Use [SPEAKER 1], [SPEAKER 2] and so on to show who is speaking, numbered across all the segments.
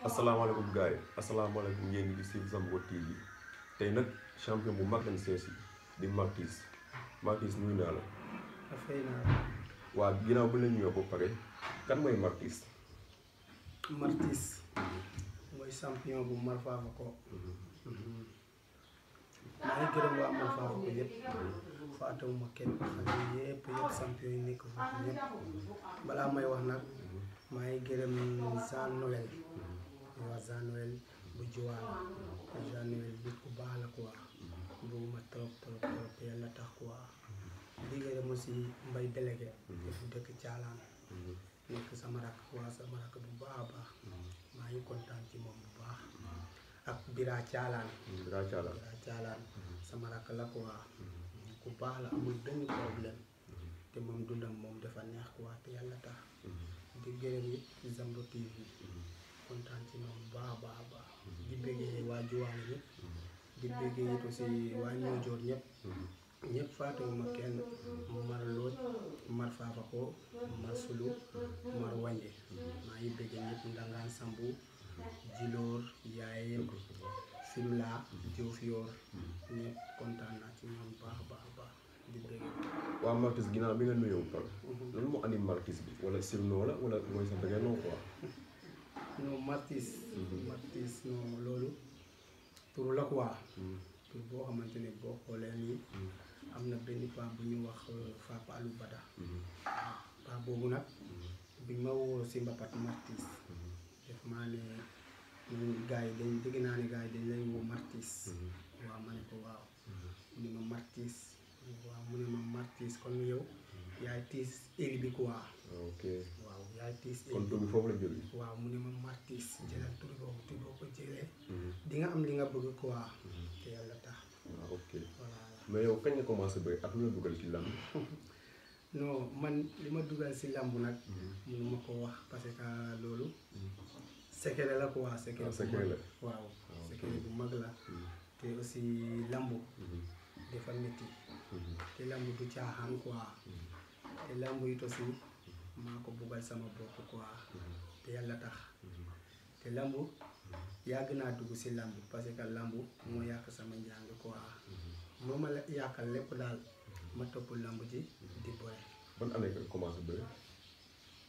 [SPEAKER 1] Assalamualaikum gay Assalamualaikum asalaamaaleykum ngeen ngi ci zambo TV tay nak champion bu mag lañ seesi di Martis martis nuy na la.
[SPEAKER 2] affaire naa la.
[SPEAKER 1] waaw bu pare kan moy martis martis
[SPEAKER 2] moy champion bu Malfafa ko. Hmm. Hmm. maa ngi wa waa Malfafa ko yëpp. Ya. fàttewuma kenn xam yépp ya. yëpp champion yi nekk bala may wax nak maa gërëm Jean Noël. jean bu Joal Jean-Noël ku baax la quoi bëgguma trop trop trop yàlla tax quoi liggéey dama si mbay délégué dafa dëkk caalaan nekk sama rakk waa sama rakk bu baax a baax maa ngi kontaan ci moom bu baax ak Bira Caalaan Bira Caalaan sama rakk la quoi ku baax la amul benn problème te moom dundam moom dafa neex quoi te yàlla tax di gërëm it Zambro TV kontaan ci ñoom baax baax baax di bëggee waa Juwaane ñëpp di bëggee it aussi waa Ñoojoor ñëpp ñëpp kenn mar looj mar faafa sambu jiloor yaayem simla joof yoor ñëpp kontaan naa ci ñoom baax baax baax di bëggee
[SPEAKER 1] waaw Marquis bi nga nuyoo par mhm. loolu moo andi Marquis bi wala sirno la wala mooy sa bëggee noo quoi
[SPEAKER 2] non martis mm-hmm. martis non loolu pour la quoi mm-hmm. pour boo xamante ne boo xoolee nii mm-hmm. am na benn paa bu ñu wax euh, Fapa Alou Bada paa boobu nag bi ma woo si mbapat martis def maa ne ñun gars yi dañ dégg naa ne gars yi dañ lay woo martis waaw ma ne ko waaw mu ne ma martis waaw mu ne ma martis kon yow yaay tiis éli bi quoi. ok waaw yaay tiis. kon tur bi foofu la jógee. waaw mu ne ma martis jëlal tur oke, tur boo ko jëlee. di nga am li nga bëgg quoi. te yàlla tax.
[SPEAKER 1] waaw mais yow kañ commencé bëri ak lu dugal ci làmb.
[SPEAKER 2] non man lima ma dugal si làmb nag. mënu ma ko wax parce que loolu. secret la quoi. secret secret la waaw. secret bu mag te aussi làmb. dafa métti. te làmb du caaxaan quoi. te làmb it aussi maa ko buggal sama bopp quoi mm-hmm. te yàlla tax mm-hmm. te làmb mm-hmm. yàgg naa dugg si làmb parce que làmb moo yàq sama njàng quoi moo ma yàqal lépp daal ma topp làmb ji di boole.
[SPEAKER 3] ban année
[SPEAKER 1] nga commencé bëre.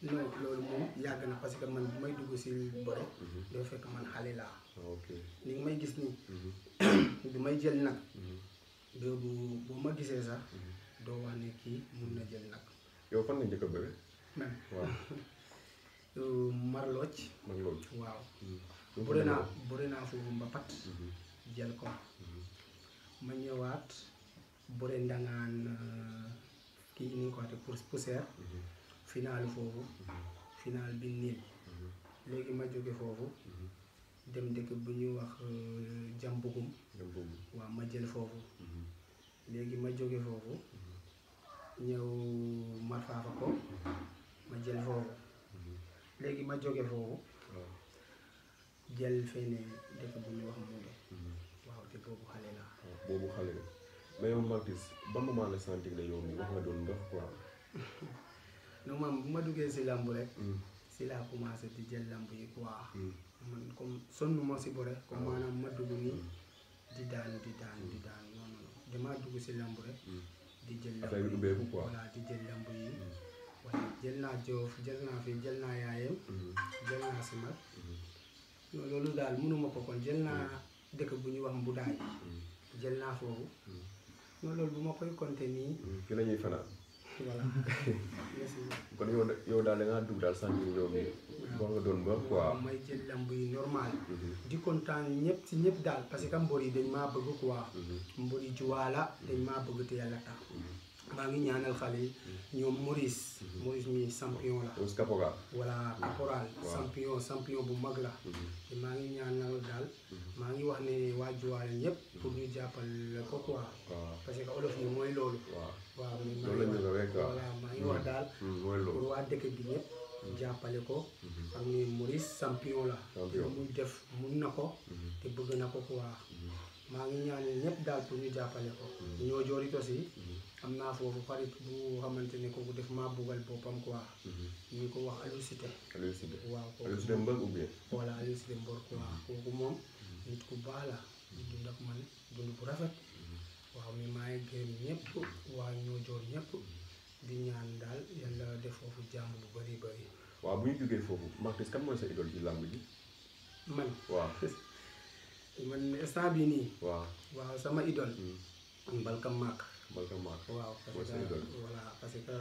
[SPEAKER 2] non loolu moom yàgg na parce que man bu dugg si bëre. doo fekk man xale laa.
[SPEAKER 1] Ah, ok may gis nii.
[SPEAKER 2] bi may jël nag. boo boo ma gisee sax. doo wax ne kii mun na jël nag.
[SPEAKER 1] yow fan nga njëkk a bëre. waaw.
[SPEAKER 2] Marlooj. waaw.
[SPEAKER 3] Mm. bëri naa
[SPEAKER 2] bëri naa foofu Mbapat. Mm-hmm. jël ko. Mm-hmm. ma ñëwaat bëri ndangaan euh, kii ñu ngi ko waxee pour poussière. Mm-hmm. final foofu. final bi niil. léegi ma jóge foofu. dem dëkk bu ñuy wax euh, Jambugum. Jambugum waaw ma jël foofu. léegi ma jóge foofu. ñëw marfaafa ko ma jël foofu mhm. léegi ma jóge foofu jël fene dëkk bu ñuy wax Moundé mhm. waaw te boobu xale la boobu
[SPEAKER 1] xale la mais yow Martis ba moment la sentir ne wax nga doon ndox quoi
[SPEAKER 2] non maam bu ma duggee si làmb rek mhm. si laa commencé di jël làmb yi quoi man comme sonnuma si bo rek comme ah. maanaam ma dugg nii di daanu di daanu di daanu noonu noonu damaa dugg si làmb rek di jël lamb yi ubbeeku quoi voilà di mm. jël naa joof jël naa fi jël naa yaayam mm-hmm. jël naa si mag
[SPEAKER 3] mm-hmm.
[SPEAKER 2] loolu daal mënuma ko kon jël naa mm. dëkk bu ñuy wax mbudaay mm. jël naa foofu non loolu bu ma koy compter nii fi la fanaan voilà.
[SPEAKER 1] kon yow daal da ngaa dugg daal sànq yow mi boo nga doon ba quoi.
[SPEAKER 2] may jël lamb yi normal. Mhm. di kontaan ñëpp si ñëpp daal parce que mbor yi dañ maa bëgg quoi. Mhm. mbor yi juwaala dañ mhm. maa bëgg te yàlla tax. maa ngi ñaanal xale yi ñoom Maurice mm-hmm. Maurice mi champion
[SPEAKER 1] la mm-hmm. caporal
[SPEAKER 2] voilà caporal bu mag la mm-hmm. maa ngi ñaanal daal maa ngi wax ne waa Joal ñëpp pour ñu jàppal ko quoi parce que olof yi mooy loolu waaw voilà maa ngi wax daal pour waa dëkk bi ñëpp jàppale ko xam ne Maurice champion la lu muy def mun na ko te bëgg na ko quoi maa ngi ñaanal ñëpp daal pour ñu jàppale ko ñoo joori aussi am naa foofu xarit bu xamante ni kooku def maa buggal boppam quoi. Mhm. ñu ko wax Aliou Cité.
[SPEAKER 3] Aliou Cité waaw kooku
[SPEAKER 2] voilà Aliou Cité mhm. moom. Mhm. nit ku baax la. ñu dund ak man dund bu rafet. waaw mais maa ngi gërëm ñëpp waa ñoo joor ñëpp di ñaan daal yàlla def foofu jàmm bu bari bari.
[SPEAKER 1] waaw bu ñu jógee foofu Martins kan mooy sa idole ci làmb ji. man man instant bii nii. waaw sama idole.
[SPEAKER 2] Mbalka Maak. Baltamar waaw parce que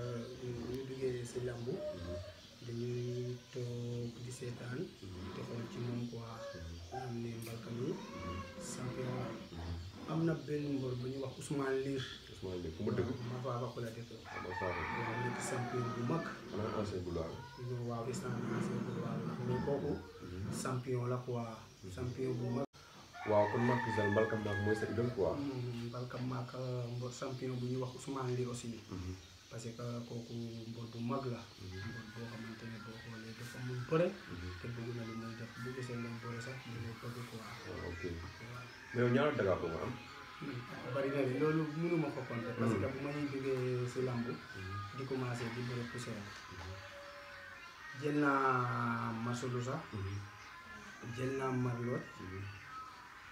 [SPEAKER 2] ñu duggee si làmb mm-hmm. dañuy toog di seetaan te mm-hmm. ci moom quoi mm-hmm. am ne Mbalkamay champion am na benn mbor bu ñuy wax Ousmane
[SPEAKER 1] Liir Ousmane Liir fu ah, mu dëkk
[SPEAKER 2] ma faa wax la dëkk waaw nekk champion bu mag ancien gloire waaw instant ancien gloire la mais kooku
[SPEAKER 1] champion bu mag waaw kon Mbacké Gisal Mbalka Mbaak mooy sa idole quoi.
[SPEAKER 2] Mbalka Mbaak mbër champion bu ñuy wax Ousmane Ly aussi. parce que kooku mbër bu mag la. mbër boo xamante bo boo xoolee dafa mun pore te bu na lu muy def bu gisee lu bëre sax di nga bëgg quoi.
[SPEAKER 1] ok mais yow ñaar daga ko nga am.
[SPEAKER 2] bari na loolu ma ko compter. parce que bu ma ñuy jógee si lamb. Hmm. di commencé di bëre poussière hmm. jël naa Masulu sax. Hmm. jël naa Marlot.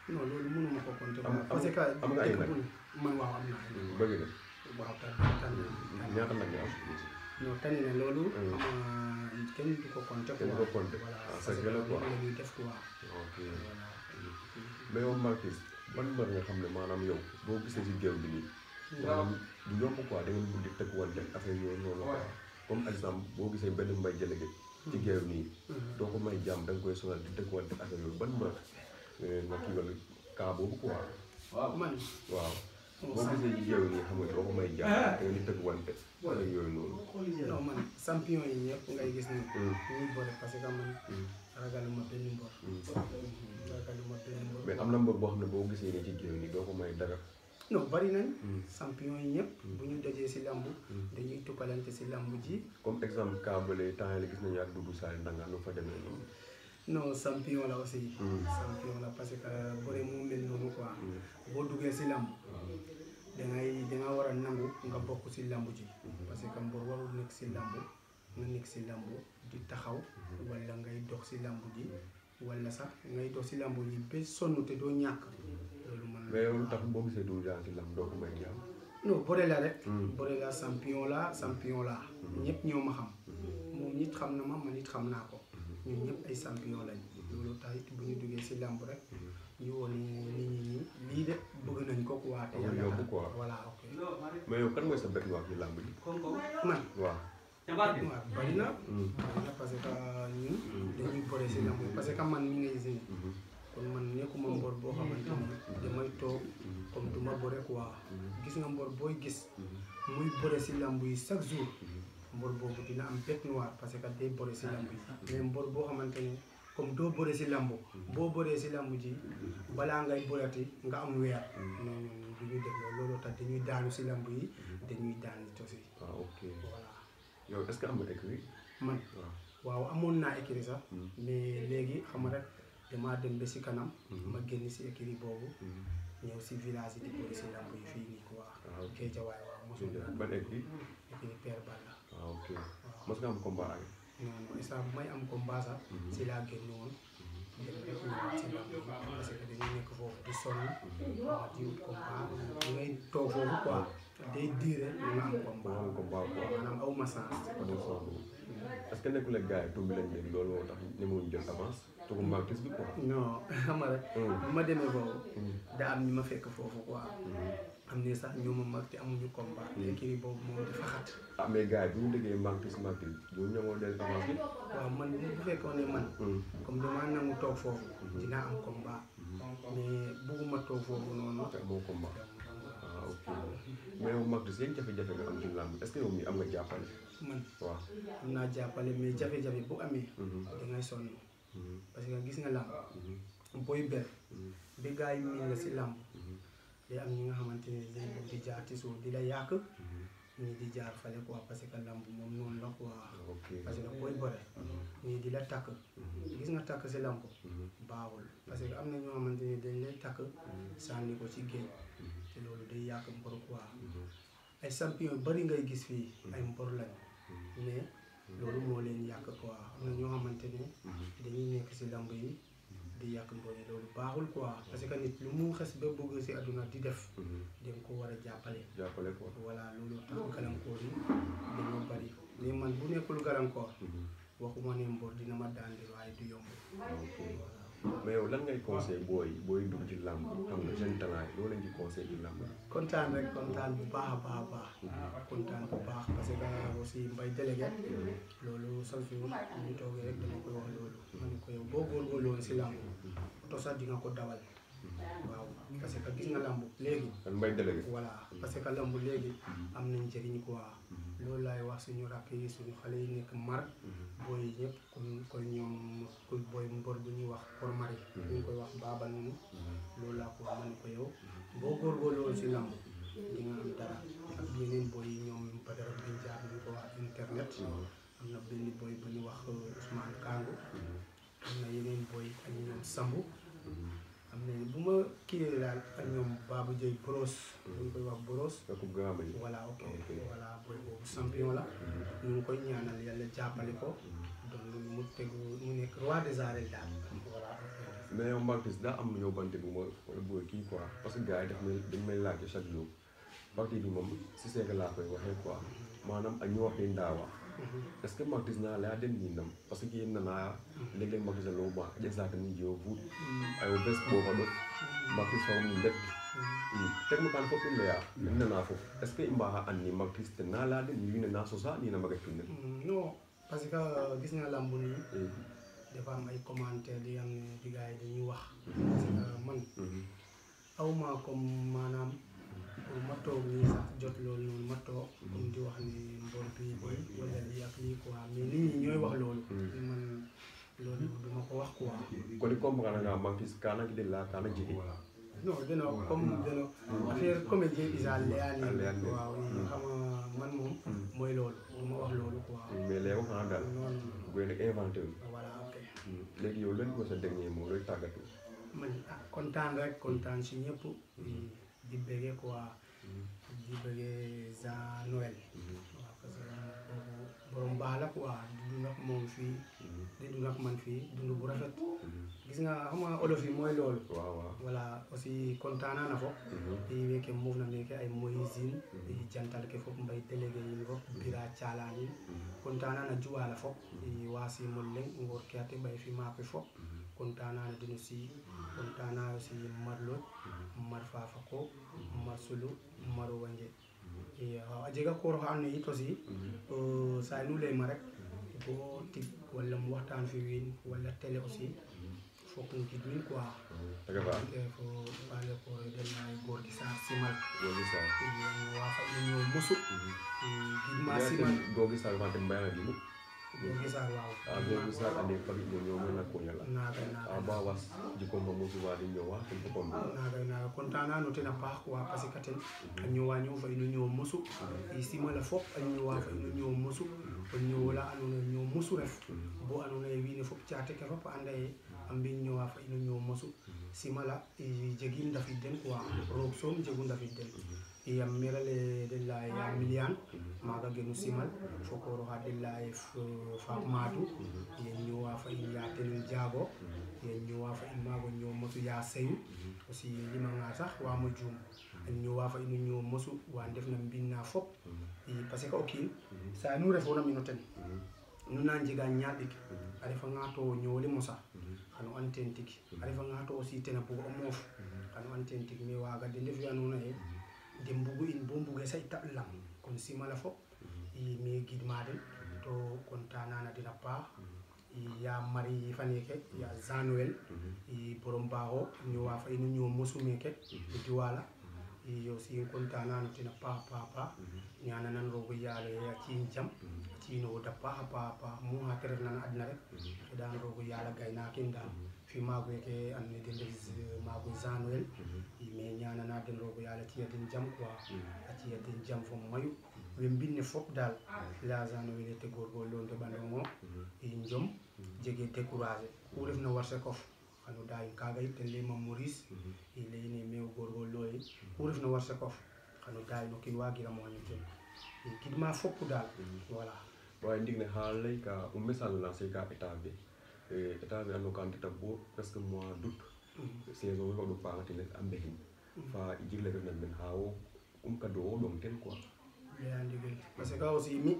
[SPEAKER 2] non loolu mënuma ko compter. am parce que dëkk bu ne man waaw am naa ay bëgg na waaw tànn tànn ñaata nag nga am. na loolu. Hmm. Euh, kenn du ko compter. kenn du ko compter ah sa gën a quoi voilà ñuy def
[SPEAKER 1] quoi. ok mais yow Marquis ban mbër nga xam ne maanaam yow boo gisee ci géew bi nii. waaw hmm. du yomb quoi da ngeen bëgg tëgg wala def affaire yooyu noonu. waaw comme par exemple boo gisee benn mbay jëlee hmm. ci géew nii. doo ko may jàmm da koy sonal di tëgg wala def yooyu ban mbër. naturel euh, cas boobu quoi. waaw man waaw. boo gisee jigéen ñi xam nga doo ko may jàpp nga ni ah. yooyu noonu.
[SPEAKER 2] non man ñëpp ngay gis ni mm. que man mm. ragaluma benn mbor. Mm. ragaluma benn mbor. mais am na mbor
[SPEAKER 1] boo xam ne boo gisee ni ci jigéen ñi doo ko may dara.
[SPEAKER 2] non bari nañ. champion yi ñëpp. bu ñu dajee si lamb. dañuy tuppalante si lamb ji.
[SPEAKER 1] comme exemple Kaabale temps yii gis nañu ak Doudou Sall ndanga nu fa demee noonu.
[SPEAKER 2] non champion la aussi. Mm. champion la parce que bëre moo mel noonu quoi. Mm. boo duggee si làmb. Mm. da ngay war a nangu nga bokk si làmb ji. Mm-hmm. parce que mbër warul nekk si làmb nga nekk si làmb di taxaw. Mm-hmm. wala ngay dox si làmb ji. Mm-hmm. wala sax ngay si làmb ji sonn te doo ñàkk. loolu man
[SPEAKER 1] mais tax boo gisee du jaan may
[SPEAKER 2] jàmm. la rek. bëre la champion la champion la. ñëpp ñoo ma xam. moom nit xam na ma man nit xam naa ko. ñun ñëpp ay champion lañ loolu tax bu ñu duggee si lamb rek ñu de bëgg nañ ko quoi te yóbbu
[SPEAKER 1] ok mais yow kan mooy sa bête noire ci lamb ji man waaw waaw
[SPEAKER 2] bari na bari na parce que ñun dañuy bëre si lamb hmm. parce que man mi ngay seen kon man nekkuma mbor boo xamante ne damay comme duma bëre quoi gis nga mbor gis muy lamb yi chaque jour mbor boobu dina am bête noire parce que day bëre si lamb yi ah, ah. mais mbor boo xamante ne comme doo bëre si lamb boo boree si lamb ji balaa ngay bërati nga am weer non mm. non du ñu daanu si lamb yi mm. dañuy daanu tos yi
[SPEAKER 3] waaw
[SPEAKER 1] yow est-ce que am nga man ah.
[SPEAKER 2] waaw amoon naa écrit sax mm. mais léegi xam rek damaa dem ba si kanam ma génn si écrit boobu ñëw si village di ko si làmb yi fii nii quoi. waaw ah, ok géejawaay waaw mosul. ban équipe bi. équipe Père Balla.
[SPEAKER 1] Ah, waaw ok mos nga am combat ak.
[SPEAKER 2] am combat mhm. si laa génn woon. Mhm. parce que dañuy nekk foofu di sonn. Mhm. waaw di wut combat da
[SPEAKER 1] toog foofu quoi. Ah. day diire nga nga am combat quoi maanaam aw ma sens. sens est que nekkul ak gars yi tuubi loolu moo tax ñemewuñ jël avance. tugumbal tis bi quoi. non
[SPEAKER 2] xam nga rek. Mm. bu ma demee foofu. Mm. daa am ñu ma fekk mm. am ne sax ñoo ma mag te amuñu combat. kii boobu moom dafa xat.
[SPEAKER 1] ah mais gars yi bu ñu déggee manqué si ma leen avance bi.
[SPEAKER 2] waaw man bu fekkoon ne man. comme damaa nangu toog foofu. dinaa am combat. mais bëgguma toog foofu noonu. amoo combat ah ok mais yow
[SPEAKER 1] mag si am ci làmb est que yow mii am nga jàppale.
[SPEAKER 2] man waaw am naa jàppale mais jafe-jafe bu amee. Mm-hmm. da ngay Mm-hmm. parce que gis nga làmb
[SPEAKER 3] mm-hmm.
[SPEAKER 2] booy ber mm-hmm. bi gars yi miin la si làmb day am ñi nga xamante ne dañ di jaar ci suuf di la yàq ñii di jaar fale quoi parce que làmb moom noonu la quoi parce que booy bëre ñii di la takk gis nga takk si làmb baaxul parce que am na ñoo xamante ne dañ lay takk sànni ko ci géej te loolu day yàq mbor quoi ay champion bari ngay gis fii ay mbor lañ mais loolu moo leen yàq quoi am na ñoo xamante ne mhm. dañuy nekk si lamb yi di yàq mboole loolu baaxul quoi mhm. parce que nit lu mu xes ba bëgg si àdduna di def mhm. dañ ko war a jàppale jàppale ko voilà loolu tax gàllankoor yi dañoo bari mais man bu nekkul gàllankoor waxuma ne mbor dina ma daan de waaye du yomb
[SPEAKER 1] mais yow lan ngay conseil booy booy dugg ci làmb xam nga seen talent loolu lañ ci kontaan rek
[SPEAKER 2] kontaan bu baax a baax a baax hmm. kontaan bu baax parce que aussi mbay délégué loolu chaque jour ñu toogee rek dama koy wax loolu ma ne ko yow boo góorgóorlu woon si làmb to sax ko dawal
[SPEAKER 3] hmm.
[SPEAKER 2] waaw parce que gis nga làmb léegi mbay délégué voilà parce que làmb léegi hmm. am nañ njëriñ quoi loolu laay wax suñu rakk yi suñu xale yi nekk mar mm-hmm. booy ñëpp comme kon ñoom ku booy mbor bu ñuy wax pour mari mm-hmm. ñu koy wax baaban mu mm-hmm. loolu laa ko wax ma ne ko yow boo góorgóorloo si lamb di am dara ak yeneen booy yi ñoom Badara Binjaar ñu ko am na ñu wax euh, Ousmane Kango yeneen booy ak ñoom Samb xam bu ma kiiwee daal ak ñoom Babou Dieye Boros. Hmm. ñu ngi koy wax Boros. voilà ok ah, voilà booy boobu champion la. Hmm. ñu ko. Hmm. donc mu tegu mu nekk roi a arènes daal.
[SPEAKER 1] voilà. mais daa am yow bante bu ma wala bu kii quoi parce que gars yi daf may dañ may laajte chaque jour partie bi moom si seeg laa koy waxee quoi maanaam ak ñu waxee ndaawa. Mm-hmm. est ce que magdisna laya den yinam parce que yen nana leg leg magdisa lowma a ƴesa ten jeyofu ayo bes ɓofa ɗot magdis fawum ndet i tegno kan fop i leya nen que i mbaxa an ni magdis ten na leya den wiin we na sosa nina mbaga cunel
[SPEAKER 2] non parce que gis na lambu ni
[SPEAKER 1] mm-hmm.
[SPEAKER 2] am ay commentaire yi am ne dañuy wax mm-hmm. parce comme maanaam ma toog nii sax jot loolu noonu ma toog comme di wax ne mbor bii booy wala lii ak lii quoi mais nit ñi ñooy wax loolu hmm. man loolu duma ko wax quoi kodi
[SPEAKER 1] comprendre nga man kis kaanaki de la kaana jigi
[SPEAKER 2] non deno comme deno hmm. hmm. affaire comédien isa leyaani waaw xama man moom mooy loolu duma wax loolu quoi mais leew xanaa daal
[SPEAKER 1] goyne inventé voilà ok léegi yow lan ko sa dernier mot looy tàggatu
[SPEAKER 2] man ah kontaan rek kontaan si ñëpp des bérets, quoi, mm -hmm. Mm -hmm. borom baax la quoi nag moom fii mhm. di fii dund bu rafet mhm. gis nga xam nga olof yi mooy loolu voilà aussi kontaana na fo mhm. i weke mofna meke ay moisine i jantal ke fop mbay délégué yin fop bira calan kontaana na juwala fop i wasimol leng ngoor ke mbay fi maak we fop kontaana na den aussi kontaana aussi mar lot mar ko mar sulu maro wanje Euh, a jega koor oxa andoona yee yit aussi :fra mhm. euh, saay nu layma rek bo tig wala um waxtaan fo wiin wala télé :fra aussi :fra mhm. fook um jik win quoi :fra fo ɓaal o koor oxe den Gorgui Sarr Simal euh, wa fa in mosu mhm. gidma
[SPEAKER 1] Simal ha ah, mhm. mhm. mhm. bo misal ande fagi no ñomena koñala a ba was jikom
[SPEAKER 2] ten fo a paax quoi que a ñowa ñow fa ino ñow mosu i simala fop a ñowa fa ino ñow mosu o ñowola andona ye ñow mosu ref bo andona ye wiin we fop caate a mbi ñowa fa ino ñow mosu simala jegin ndafid den quoi roog soom jegu ndafid den E yam mirale dellah ya milliane maga mhm. genu simal fokoro ha dellah e fatmatou mhm. yen ñowa fa in ya tenel diago mhm. yen ñowa fa in mago ñow masu ya seyu aussi limanga sax wama joum en ñowa fa ino ñow masu wa ndef na mbinna fop
[SPEAKER 3] parce que o kiin sa nu
[SPEAKER 2] refona mino ten nu na njega ñaar ɗik a refa nga to ñowole mosa xano an ten tig a refa nga to aussi tena bug o moof xano an ten tig mais waga de ndef ya nuna ye nden in bo mbugu sey taɗlam kon simala fof mm-hmm. i mi gidmaden mm-hmm. to konta nanadena ba
[SPEAKER 3] mm-hmm.
[SPEAKER 2] ya mari faneke ya zanuel i borom baho ñowa fayino ño ke, e diwala i aussi konta nanotena pa pa pa ñananan rogo yaale a ya ciin jam ciinoo da pa pa pa mu ha nan adna rek xeɗan rogo yaala gaynakin dal fi maago yake am ne dendes maago zanoel mais ñana naden rogo yo allah tiyaden jam quoi a tiyaden jam fo mayu ɓe binne fop dal la zanoel ete gorgo londe ɓandon o e joom jege découragé ku refno warse kof xano dayin kaga yitten leyma maurice i leyine mew gorgo loye ku refno warse kof xano dayin no kin wagiramoño ten
[SPEAKER 1] kidma foppu dal voilà wawi ndig ne ha ley ka o message lancé ka état be état eh, mi anno kam titan bo presque mois d'
[SPEAKER 3] aout
[SPEAKER 1] saison we waɗo paxatine a mbexin fa i jig lefe nan men xa wo um kadu wo ɗong ten quoi
[SPEAKER 2] leya ndigil parce que aussi mi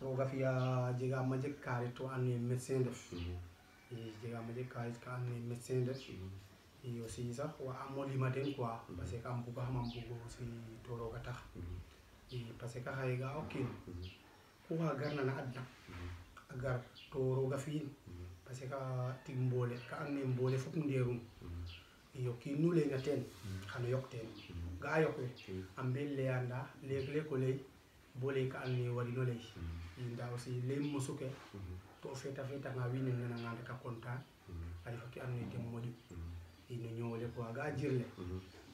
[SPEAKER 2] roga mm-hmm. fiya jegama jeg kaarit to andonaye médecin ndef mm-hmm. i jegama jeg kaarit ka andonaye médecin def mm-hmm. i aussi sax wa amo lima den quoi parce que am buga xamam bugo aussi to roga tax i parce que xaye ga o kiin ku xa garna na adna a gar to rooga fi'in parce que ka tig mboole ka andoona yee mboole fop ndeerum i o kiin nu layna teen xano yoq teen ga'a yoq we a mbel laya ndaa leeg leeg o lay bo lay ka andoona yee warino lay i ndaa aussi lay mosu ke to o feet a feetanga wiin we nanangaan rek a content a refa ke andoona yee ten moƴu i no ñoow ole quoi ga'a jirle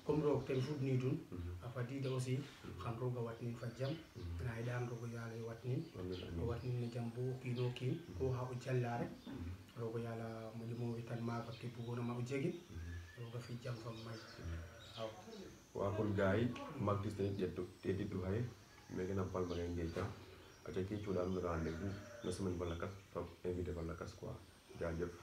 [SPEAKER 2] comme roog ten fudniidun mm-hmm. a fadiida aussi xam mm-hmm. roog a watnin fa jam mm-hmm. binaay daan rogo yàlla yo wat nin o wat nin no jam bo kiino mm-hmm. kiin ko xa o jallare mm-hmm. rogo yàlla moƴumo wetan maaga ke bugonoma o jegin mm-hmm. roga fi jam fam may
[SPEAKER 1] waaw waaw kon gars yi mag gis nañu ƴettu te xaye meke nam palma le ngeeta aca ke cuuɗanum rendez-vous
[SPEAKER 3] na semaine fa lakas fam invité fa lakas quoi jaajëf